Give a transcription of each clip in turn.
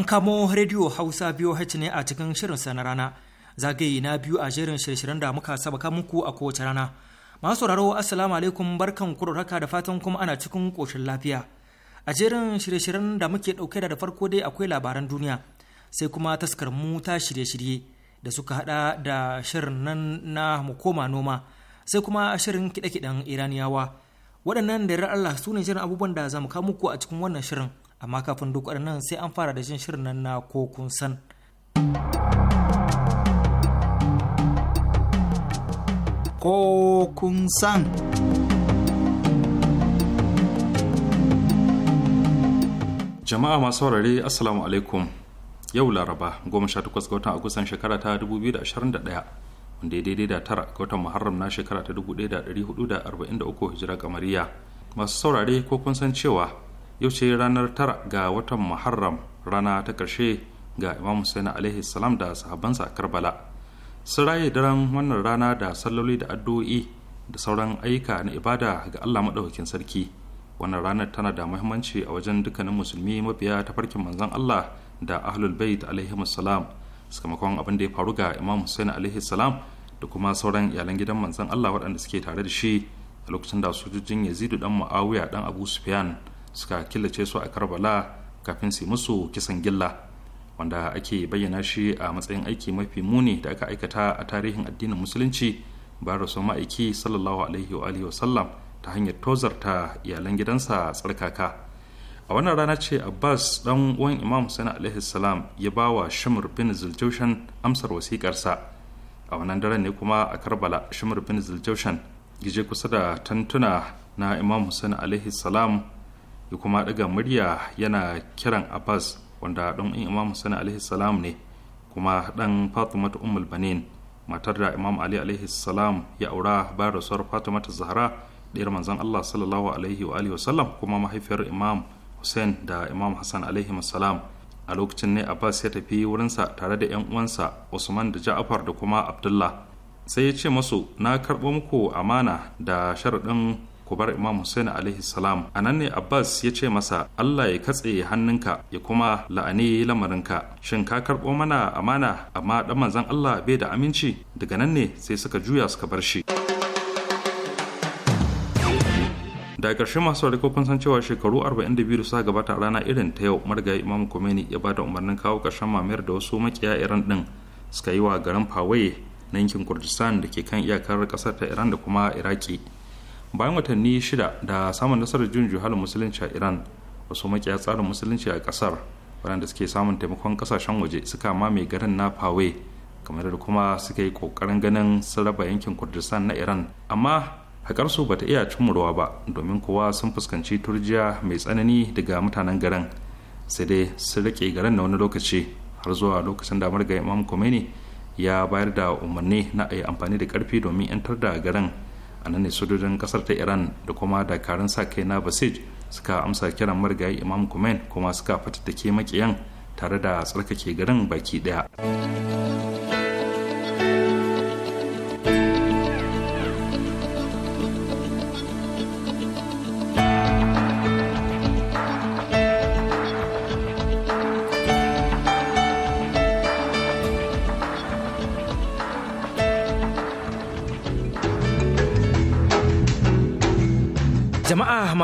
An kamo rediyo Hausa biyu BOH ne a cikin shirinsa na rana, zagaye na biyu a jerin shirye-shiryen da muka sabaka muku a kowace rana. Masu sauraro Assalamu alaikum barkan kurarraka da fatan kuma ana cikin ƙoshin lafiya. A jerin shirye-shiryen da muke ɗauke da farko dai akwai labaran duniya, sai kuma taskar mu ta shirye-shirye da suka hada da shirin nan na mu koma noma, sai kuma shirin kiɗe-kiɗen Iraniyawa. Waɗannan da Allah su ne shirin abubuwan da za mu kawo muku a cikin wannan shirin. amma kafin duk waɗannan sai an fara da shin shirin nan na ko kun san ko kun san jama'a masu saurare assalamu alaikum yau laraba 18 ga watan agustan shekara ta 2021 wanda ya daidai da tara ga watan muharram na shekara ta 1443 hijira kamariya masu saurare ko kun san cewa yau ce ranar tara ga watan muharram rana ta ƙarshe ga imam hussein alaihi salam da sahabansa a karbala sun raye daren wannan rana da salloli da addu'o'i da sauran ayyuka na ibada ga allah maɗaukakin sarki wannan ranar tana da muhimmanci a wajen dukkanin musulmi mabiya ta farkin manzon allah da ahlul bait alaihi salam sakamakon abin da ya faru ga imam hussein alaihi salam da kuma sauran iyalan gidan manzon allah waɗanda suke tare da shi a lokacin da sojojin yazidu dan ma'awiya dan abu sufyan suka killace su a karbala kafin su musu kisan gilla wanda ake bayyana shi a matsayin aiki mafi muni da aka aikata a tarihin addinin musulunci ba rasu ma'aiki sallallahu alaihi wa alihi wasallam ta hanyar tozarta iyalan gidansa tsarkaka a wannan rana ce abbas dan uwan imam husain alaihi salam ya ba wa shamur bin zuljaushan amsar wasikarsa a wannan daren ne kuma a karbala shamur bin zuljaushan gije kusa da tantuna na imam husain alaihi salam ya kuma ɗaga murya yana kiran abbas wanda ɗan imam sani alaihi salam ne kuma ɗan fatimata ummul banin matar da imam ali alaihi salam ya aura bayan rasuwar fatimata zahra ɗayar manzon allah sallallahu alaihi wa alihi wasallam kuma mahaifiyar imam hussein da imam hassan alaihi salam a lokacin ne abbas ya tafi wurinsa tare da yan uwansa usman da ja'afar da kuma abdullah sai ya ce masu na karɓo muku amana da sharaɗin kubar imam hussein alaihi salam a nan ne abbas ya ce masa allah ya katse hannunka ya kuma la'ani lamarinka shin ka karbo mana amana amma dan manzon allah bai da aminci daga nan ne sai suka juya suka bar shi da ƙarshe masu rarrako kun san cewa shekaru 42 da suka gabata rana irin ta yau marigayi imam kumeni ya ba da umarnin kawo ƙarshen mamayar da wasu makiya iran din suka yi wa garin fawaye na yankin kurdistan da ke kan iyakar ƙasar ta iran da kuma iraki bayan watanni shida da samun nasarar jin juhalin musulunci a iran wasu makiya tsarin musulunci a kasar waɗanda suke samun taimakon kasashen waje suka mame garin na fawe kamar da kuma suka yi ƙoƙarin ganin sun raba yankin kurdistan na iran amma haƙar su bata iya cimurwa ba domin kowa sun fuskanci turjiya mai tsanani daga mutanen garin sai dai sun rike garin na wani lokaci har zuwa lokacin da marga imam khomeini ya bayar da umarni na a yi amfani da ƙarfi domin 'yantar da garin a nan ne sojojin kasar ta iran da kuma dakarun sa kai na basij suka amsa kiran marigayi imam kumen kuma suka fatattake makiyan tare da tsarkake garin baki daya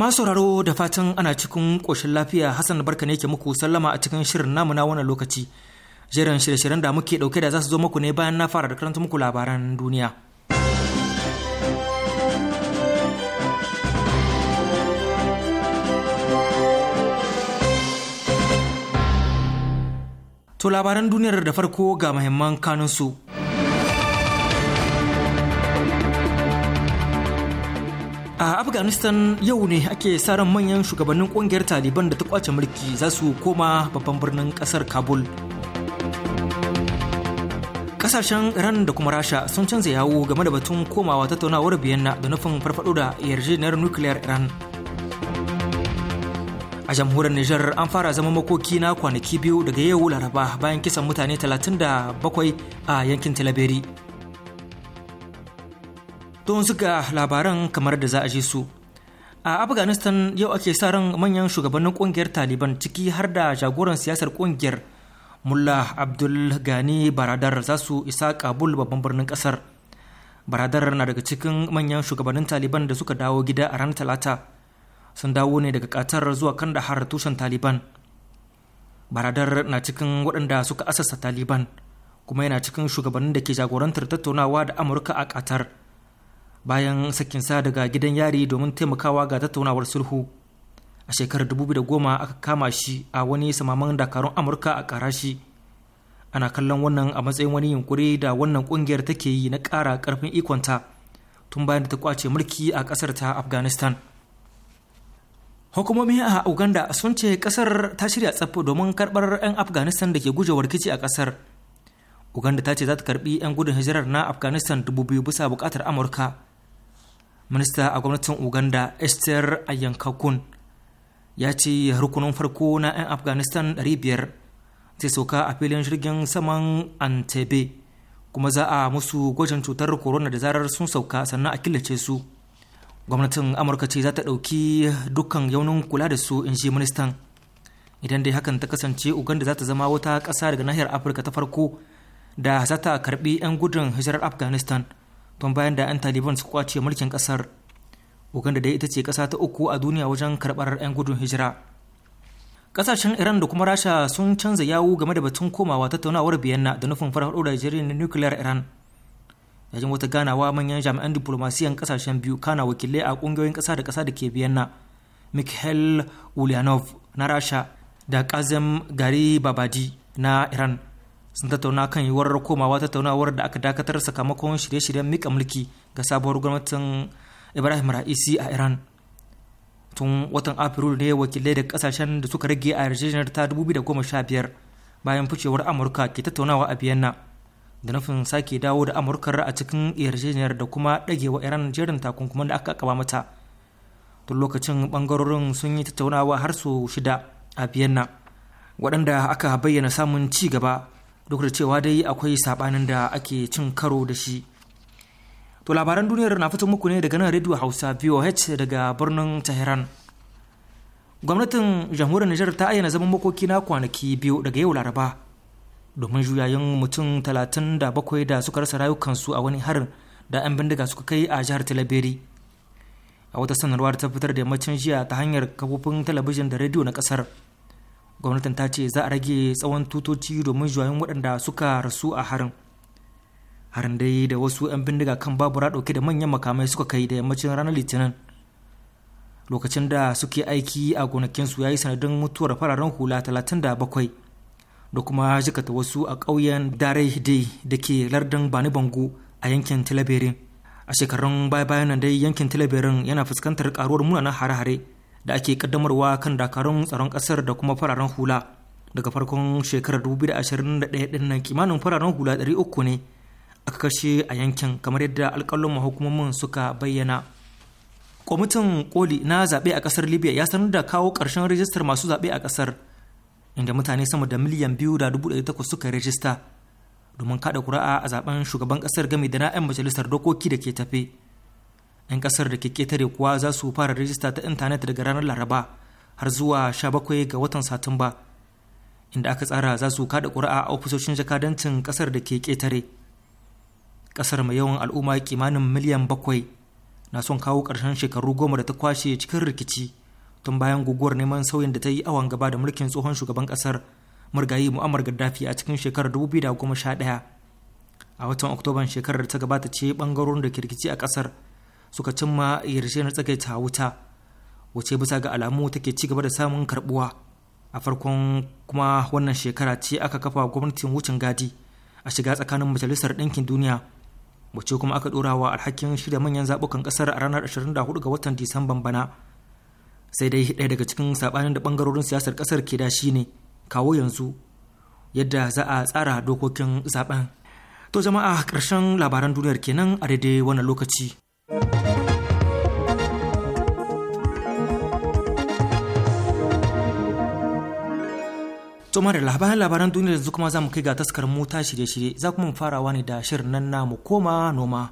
Masu sauraro da fatan ana cikin ƙoshin lafiya Hassan barka ne ke muku sallama a cikin shirin namu na wannan lokaci. Jerin shirye-shiryen da muke ɗauke da za su zo muku ne bayan na fara da karanta muku labaran duniya. To labaran duniyar da farko ga mahimman kanunsu. afghanistan yau ne ake sa ran manyan shugabannin kungiyar taliban da ta kwace mulki za su koma babban birnin kasar kabul kasashen iran da kuma rasha sun canza yawo game da batun komawa tattaunawar biyanna da nufin farfado da yarjejeniyar nukiliyar iran a jamhuriyar nijar an fara zama makoki na kwanaki biyu daga yau laraba bayan kisan mutane 37 a yankin talaberi don suka labaran kamar da za a ji su a afghanistan yau ake sa ran manyan shugabannin kungiyar taliban ciki har da jagoran siyasar kungiyar mullah abdul gani baradar za su isa kabul babban birnin kasar baradar na daga cikin manyan shugabannin taliban da suka dawo gida a ranar talata sun dawo ne daga katar zuwa kan kandahar tushen taliban baradar na cikin waɗanda suka asasa taliban kuma yana cikin shugabannin da ke jagorantar tattaunawa da amurka a katar. bayan sakin sa daga gidan yari domin taimakawa ga tattaunawar sulhu a shekarar da 2010 aka kama shi a wani samaman dakarun amurka a karashi ana kallon wannan a matsayin wani yunkuri da wannan kungiyar take yi na ƙara ƙarfin ikonta tun bayan da ta kwace mulki a ƙasar ta afghanistan hukumomi a uganda sun ce ƙasar ta shirya tsaf domin karɓar 'yan afghanistan da ke gujewa rikici a ƙasar uganda ta ce za ta karɓi 'yan gudun hijirar na afghanistan dubu biyu bisa buƙatar amurka minista a gwamnatin uganda esther ayyankakun ya ce rukunin farko na 'yan afghanistan 500 zai sauka a filin jirgin saman antebe kuma za a musu gwajin cutar corona da zarar sun sauka sannan a killace su gwamnatin amurka ce za ta ɗauki dukkan yaunin kula da su in ji ministan idan dai hakan ta kasance uganda za ta zama wata ƙasa daga nahiyar afirka ta farko da za ta karbi 'yan gudun hijirar afghanistan tun bayan da 'yan taliban su kwace mulkin kasar uganda da ita ce kasa ta uku a duniya wajen karbar 'yan gudun hijira kasashen iran da kuma rasha sun canza yawu game da batun komawa tattaunawar biyanna da nufin farfaɗo da jirgin nukiliyar iran yayin wata ganawa manyan jami'an diplomasiyan kasashen biyu kana wakilai a kungiyoyin kasa da kasa da ke biyanna mikhail ulyanov na rasha da kazem gari babadi na iran sun tattauna kan yiwuwar komawa tattaunawar da aka dakatar sakamakon shirye-shiryen mika mulki ga sabuwar gwamnatin ibrahim ra'isi a iran tun watan afrilu ne wakilai da kasashen da suka rage a yarjejeniyar ta 2015 bayan ficewar amurka ke tattaunawa a vienna da nufin sake dawo da amurkar a cikin yarjejeniyar da kuma dagewa iran jerin takunkuman da aka kaba mata tun lokacin bangarorin sun yi tattaunawa har su shida a vienna waɗanda aka bayyana samun ci gaba duk da cewa dai akwai sabanin da ake cin karo da shi to labaran duniyar na fito muku ne daga nan radio hausa voh daga birnin tehran gwamnatin jamhuriyar nijar ta ayyana zaman makoki na kwanaki biyu daga yau laraba domin juyayin mutum 37 da suka rasa rayukansu a wani harin da 'yan bindiga suka kai a jihar talabiri a wata sanarwar ta fitar da yammacin jiya ta hanyar kafofin talabijin da rediyo na kasar gwamnatin ta ce za a rage tsawon tutoci domin juyayin waɗanda suka rasu a harin harin dai da wasu 'yan bindiga kan babu ɗauke da manyan makamai suka kai da yammacin ranar litinin lokacin da suke aiki a gonakinsu ya yi sanadin mutuwar fararen hula 37 da kuma jikata wasu a ƙauyen dare dai da ke lardin bani bango a yankin tilaberin a shekarun baya-bayan nan dai yankin tilaberin yana fuskantar karuwar munanan hare-hare da ake kaddamarwa kan dakarun tsaron kasar da kuma fararen hula daga farkon shekarar 2021 din nan kimanin fararen hula 300 ne aka kashe a yankin kamar yadda alƙalin mahukumomin suka bayyana kwamitin koli na zaɓe a ƙasar libya ya sanar da kawo ƙarshen rijistar masu zaɓe a ƙasar inda mutane sama da miliyan biyu da dubu ɗari takwas suka rijista domin kaɗa kuri'a a zaben shugaban ƙasar gami da na 'yan majalisar dokoki da ke tafe 'yan kasar da ke ketare kuwa za su fara rijista ta intanet daga ranar laraba har zuwa 17 ga watan satumba inda aka tsara za su kada ƙuri'a a ofisoshin jakadancin kasar da ke ketare kasar mai yawan al'umma kimanin miliyan bakwai na son kawo ƙarshen shekaru goma da ta kwashe cikin rikici tun bayan guguwar neman sauyin da ta yi awan gaba da mulkin tsohon shugaban kasar murgayi mu'ammar gaddafi a cikin shekarar 2011 a watan oktoban shekarar ta gabata ce bangarorin da ke rikici a kasar suka cimma yarjejeniyar tsagaita wuta wace bisa ga alamu take ci gaba da samun karbuwa a farkon kuma wannan shekara ce aka kafa gwamnatin wucin gadi a shiga tsakanin majalisar ɗinkin duniya wace kuma aka wa alhakin shirya manyan zaɓukan ƙasar a ranar 24 ga watan disamban bana sai dai ɗaya daga cikin saɓanin da ɓangarorin siyasar ƙasar ke da shi ne kawo yanzu yadda za a tsara dokokin zaɓen to jama'a ƙarshen labaran duniyar kenan a daidai wannan lokaci tsoma da labaran labaran duniya yanzu kuma za kai ga taskar mota shirye-shirye za kuma farawa ne da shirin nan namu koma noma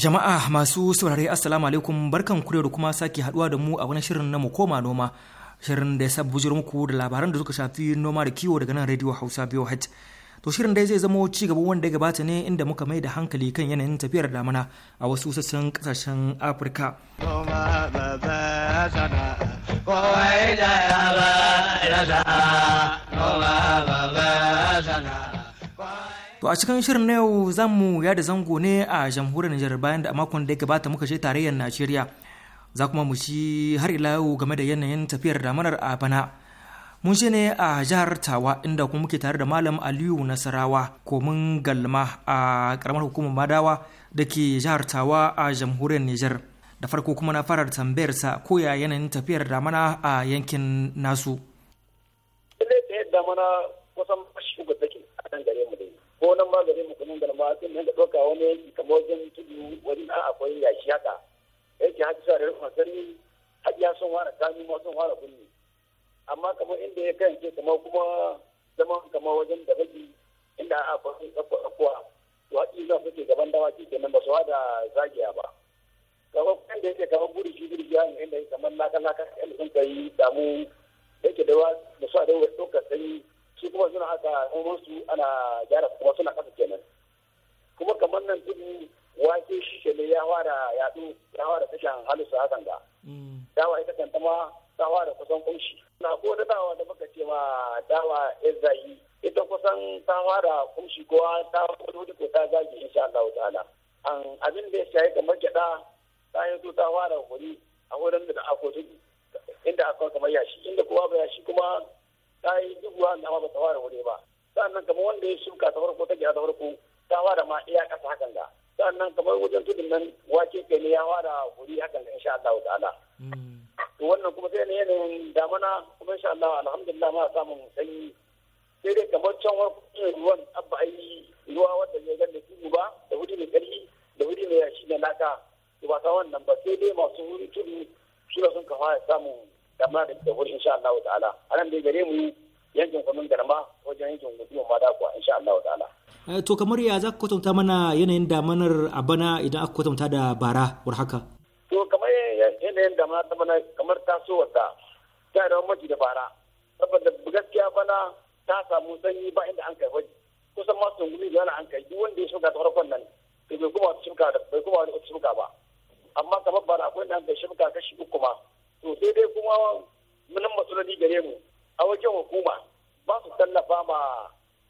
Jama'a masu saurare Assalamu alaikum barkan ku da kuma sake haduwa da mu a wani shirin na koma noma. Shirin da ya sa bujiro muku da labaran da suka shafi noma da kiwo daga nan Radio Hausa hajj To shirin dai zai zama ci gaba wanda ya gabata ne inda muka mai da hankali kan yanayin tafiyar damana a wasu sassan kasashen Afirka. Kowa To a cikin shirin na yau za mu yada zango ne a jamhuriyar Nijar bayan da a makon da ya gabata muka ce tarayyar Najeriya. Za kuma mu ci har ila yau game da yanayin tafiyar damanar a bana. Mun shi ne a jihar Tawa inda kuma muke tare da Malam Aliyu Nasarawa komin galma a karamar hukumar Madawa da ke jihar Tawa a jamhuriyar Nijar. Da farko kuma na fara tambayarsa ko ya yanayin tafiyar damana a yankin nasu. Ilai yadda mana kusan mashi take a kan gare mu dai. ko nan ma maganin mu kunan galma sun nan da ɗauka wani yanki kamar wajen tudu wani an akwai yashi haka yake haka sa da rufin sarri hajiya sun wara kanu ma sun wara kunni amma kamar inda ya kayance kamar kuma zama kamar wajen da baki inda a akwai ɗaukuwa to a za su ke gaban dawaki kenan ba su wada zagiya ba kamar kan da yake kamar guri shi guri ya inda inda kamar laka-laka yadda sun kai damu yake da su a da ɗaukar sanyi shi kuma suna haka horon su ana gyara kuma suna kasa kenan kuma kamar nan tudu wake shi ke ne ya fara yaɗu ya fara tashan halitta hakan ga mm. dawa ita kanta ma ta fara kusan kunshi na ko da dawa da muka ce ma dawa ezzayi ita kusan ta fara kunshi ko ta wani ko ta zage sha Allah ta'ala an abin da ya shayi kamar gyada ta yanzu ta fara huri a wurin da akwai tudu inda akwai kamar yashi inda kuma ba yashi kuma ta yi dubuwa ma ba ta ware wuri ba sannan kamar wanda ya shuka ta farko ta gida ta farko ta ware ma iya kasa hakan da sannan kamar wajen tudun nan wake kai ne ya ware wuri hakan da insha Allah ta'ala to wannan kuma sai ne yanayin damana kuma insha Allah alhamdulillah ma samu sanyi sai dai kamar can wani ruwan abba ai ruwa wanda zai gan da tudu ba da wuri mai karfi da wuri mai yashi na laka ba ta wannan ba sai dai masu wuri tudu suna sun kafa samu. da da da wuri insha Allah ta'ala a nan dai gare mu yankin kwamin garma wajen yankin gudunmu ma da kuwa insha Allah ta'ala. Eh, to kamar ya za ka kwatanta mana yanayin damanar a bana idan aka kwatanta da bara war haka. to kamar yanayin damanar ta bana kamar tasowar ta ta da mamaci da bara saboda gaskiya bana ta samu sanyi ba inda an kai waje kusan ma tungumi da wani an kai wanda ya shuka ta farkon nan bai kuma wata shuka ba amma kamar bara akwai da an kai shimka kashi uku ma to sai dai kuma munin matsaloli gare mu a wajen hukuma ba su tallafa ma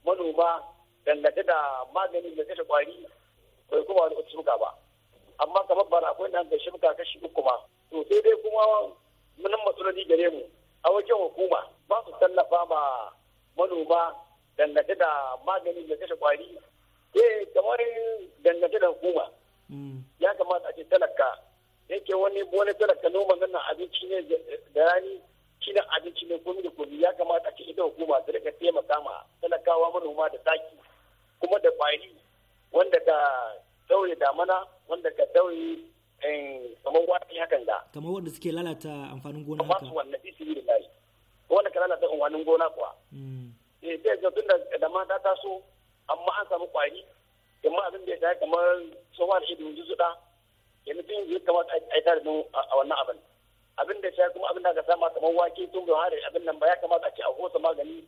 manoma dangane da maganin da kashe kwari bai kuma wani shimka ba amma kamar bara akwai nan da shimka kashi uku ma to sai dai kuma munin matsaloli gare mu a wajen hukuma ba su tallafa ma manoma dangane da maganin da kashe kwari eh kamar dangane da hukuma mm. ya kamata a ce talaka yake wani wani ka noma nan abinci ne da rani shi ne abinci ne komi da komi ya kamata ce ita hukuma ta daga taimaka ma talakawa manoma da taki kuma da kwari wanda ka sauye damana wanda ka sauye eh, kamar wani hakan da kamar wanda suke lalata amfanin gona haka kamar wanda isi yi da wanda ka lalata amfanin gona kuwa hmm. eh sai ga tunda da mata ta so amma an samu kwari amma abin da ya kamar tsohon ido zuzuɗa yanzu yanzu ya kamata a yi tarihin a wannan abin abin da shi kuma abin da ka sama kamar wake tun da hari abin nan ba ya kamata a ce a hosa magani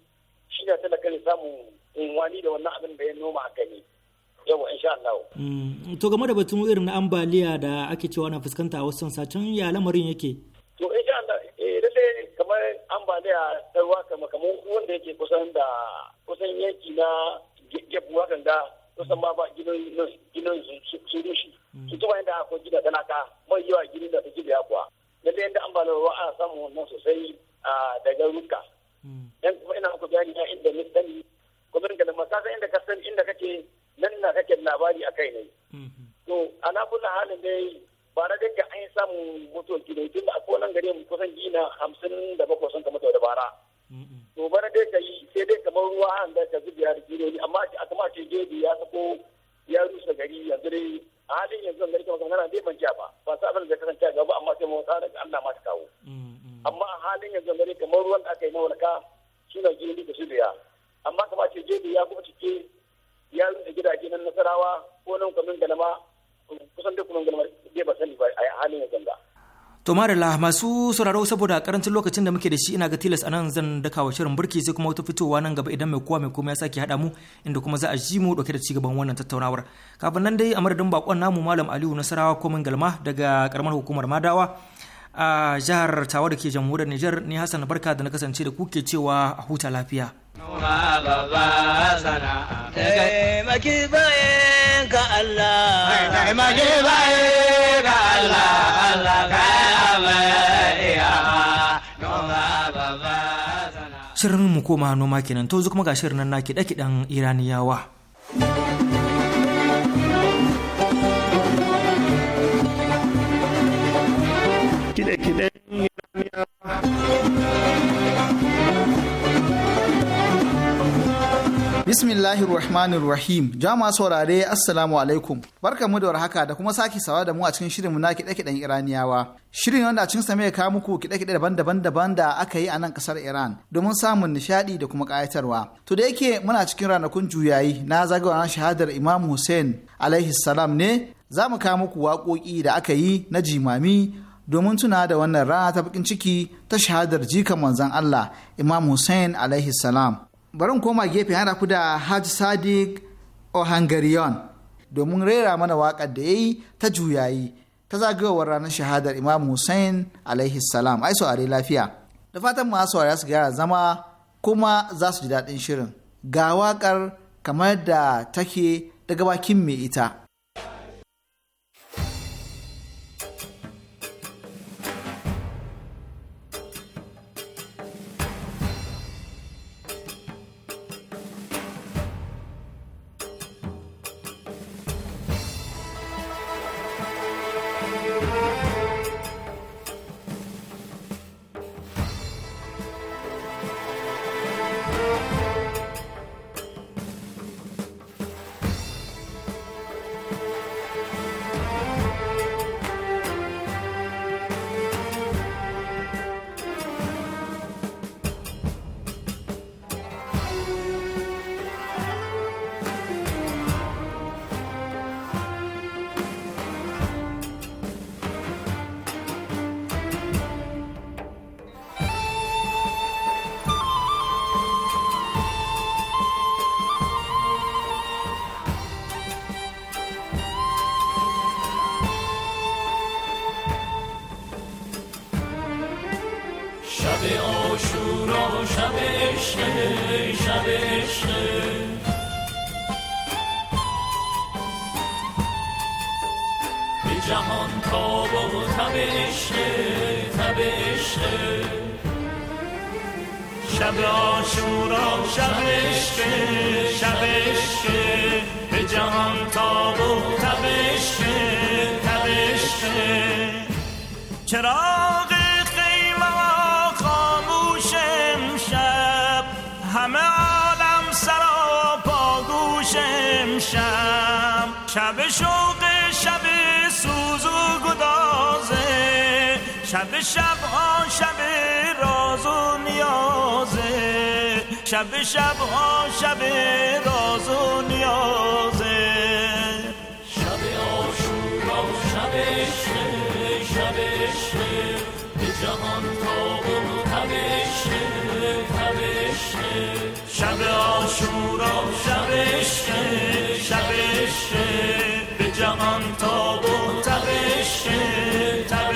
shi ne talaka ne samu unwani da wannan abin da ya noma a gani yawa insha Allah. Mm, to game da batun irin na ambaliya da ake cewa na fuskanta a wasu sacin ya lamarin yake. to insha Allah eh lalle kamar ambaliya ta ruwa kamar wanda yake kusan da kusan yanki na gebuwa ganga kusan ba ba gidan su rushe hmm. su tuba yadda aka gida tana ka mai yawa gini da take da kuwa na da yadda ambalin ruwa ana samu wannan sosai daga ruka yan hmm. kuma ina ku bayani ya inda ni sani kuma inda da masaka inda ka san inda kake nan na kake labari a kai ne hmm, to ana kula halin dai ba na dinga an yi samun mutuwar gidan tun da akwai nan gari mu kusan gina hamsin da bakwai sun kama da bara to bana dai ka yi sai dai kamar ruwa an da ka zubiya da jiroli amma a kama ce gebe ya sako ya rusa gari yanzu dai a halin yanzu gari kamar kamar dai ban ja ba ba sa abin da kasance a gaba amma sai mun daga Allah ma ta kawo mm, mm. amma a halin yanzu gari kamar ruwan da aka yi na suna jiroli da zubiya amma kama ce gebe ya kuma cike ya rusa gidaje na nasarawa ko nan kwamin galama kusan duk kwamin galama bai ba sani ba a halin yanzu gari To la masu sauraro saboda karancin lokacin da muke da shi ina ga tilas anan zan daka wa shirin burki sai kuma wata fitowa nan gaba idan mai kowa mai komai ya sake haɗa mu inda kuma za a ji mu dauke da cigaban wannan tattaunawar. Kafin nan dai a madadin bakon namu Malam Aliyu Nasarawa komin galma daga karamar hukumar Madawa a jihar Tawa da ke jamhuriyar Nijar ni Hassan Barka da na kasance da kuke cewa a huta lafiya. Allah. Allah. Allah Shirin mu koma noma kenan to kuma ga shirin nan na daki dan Iraniyawa. kide kide Iraniyawa. Bismillahir Rahmanir Rahim. Jama saurare Assalamu alaikum. Barkamu da warhaka da kuma sake sawa da mu a cikin shirinmu na kiɗe-kiɗen Iraniyawa. Shirin wanda a cikin sa ka muku kiɗe-kiɗe daban-daban daban da aka yi a nan ƙasar Iran domin samun nishaɗi da kuma ƙayatarwa. To da yake muna cikin ranakun juyayi na zagayowar shahadar Imam Hussein alaihi salam ne za mu kawo muku waƙoƙi da aka yi na jimami domin tuna da wannan rana ta bakin ciki ta shahadar jikan manzon Allah Imam Hussein alaihi salam. bari koma gefe hana ku da Hajj Sadiq Ohangariyon domin rera mana waƙar da ya yi ta juyayi ta zagayowar ranar shahadar Imam Hussein alaihi salam ai saurari lafiya. Da fatan masu saurari su gyara zama kuma za su ji daɗin shirin. Ga waƙar kamar da take daga bakin mai ita. چراغ خیمه خاموش امشب همه عالم سرا گوش امشب شب شوق شب سوز و گدازه شب شب ها شب راز و نیازه شب شب ها شب راز و نیازه آشورا شب عشق شب عشق به جهان تا و تب عشق تب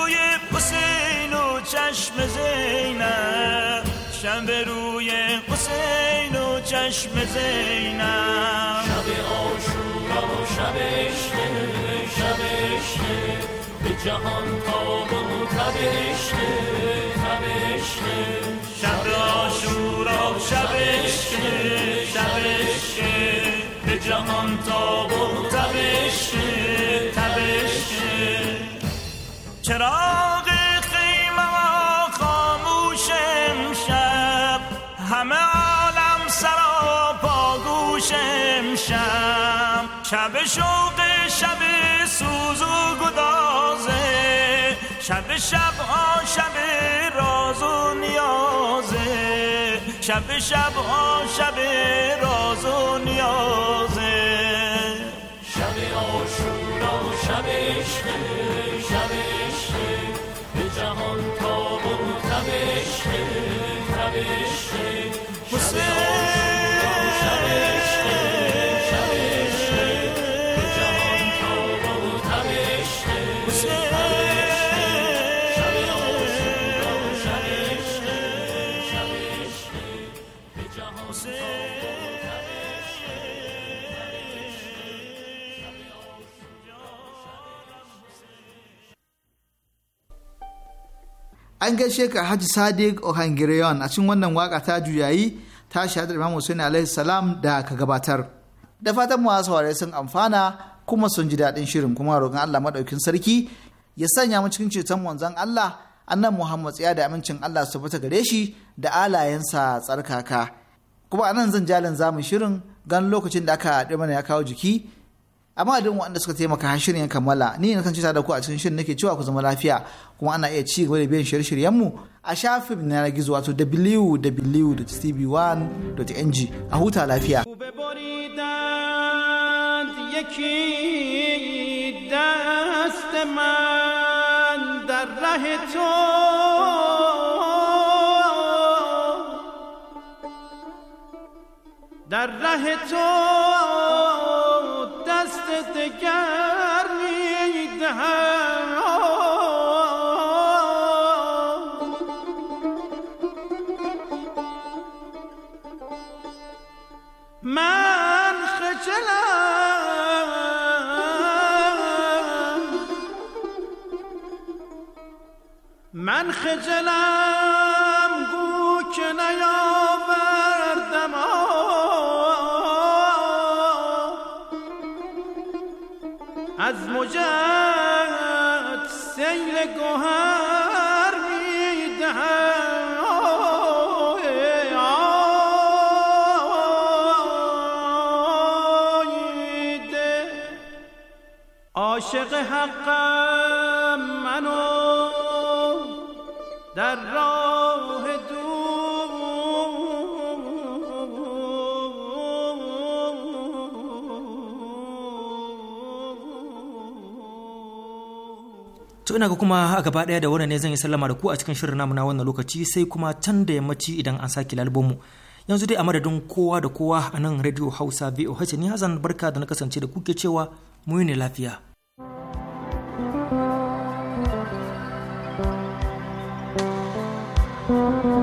روی حسین و چشم زینب شب روی حسین و چشم زینب شب آشورا و شب اشته به جهان تاب و تب اشته شب آشورا و شب اشته به جهان تاب و تب چراغ خیمه خاموش امشب همه عالم سراپا گوش امشب شب شوق شب سوز و گدازه شب شب ها شب راز و نیازه شب شب ها شب راز و نیازه شب آشورا شب عشقه an gaishe ka Haji Sadiq ohangireon a cikin wannan waka ta juyayi ta shahadar Imam Hussein alaihi salam da ka gabatar. Da fatan masu saurare sun amfana kuma sun ji daɗin shirin kuma roƙon Allah maɗaukin sarki ya sanya mu cikin ceton manzon Allah annan Muhammad tsaya da amincin Allah su fita gare shi da alayensa tsarkaka. Kuma anan zan jalin zamu shirin gan lokacin da aka haɗu mana ya kawo jiki amma adin waɗanda suka taimaka har shirin ya kammala ni na kan da ku a cikin shirin nake cewa ku zama lafiya kuma ana iya ci gaba da biyan shirye-shiryen mu a shafin na gizo wato www.tv1.ng a huta lafiya در راه تو من خجلم گو که نیاوردم از مجرد سیل گوهر میدهم عاشق حقم منو در راه ina ga kuma a gaba ɗaya da wannan ne zan yi sallama da ku a cikin shirin namu na wannan lokaci sai kuma can da yammaci idan an sake lalbonmu yanzu dai a madadin kowa da kowa a nan radio hausa voh ni hazan barka da na kasance da kuke cewa mu ne lafiya thank you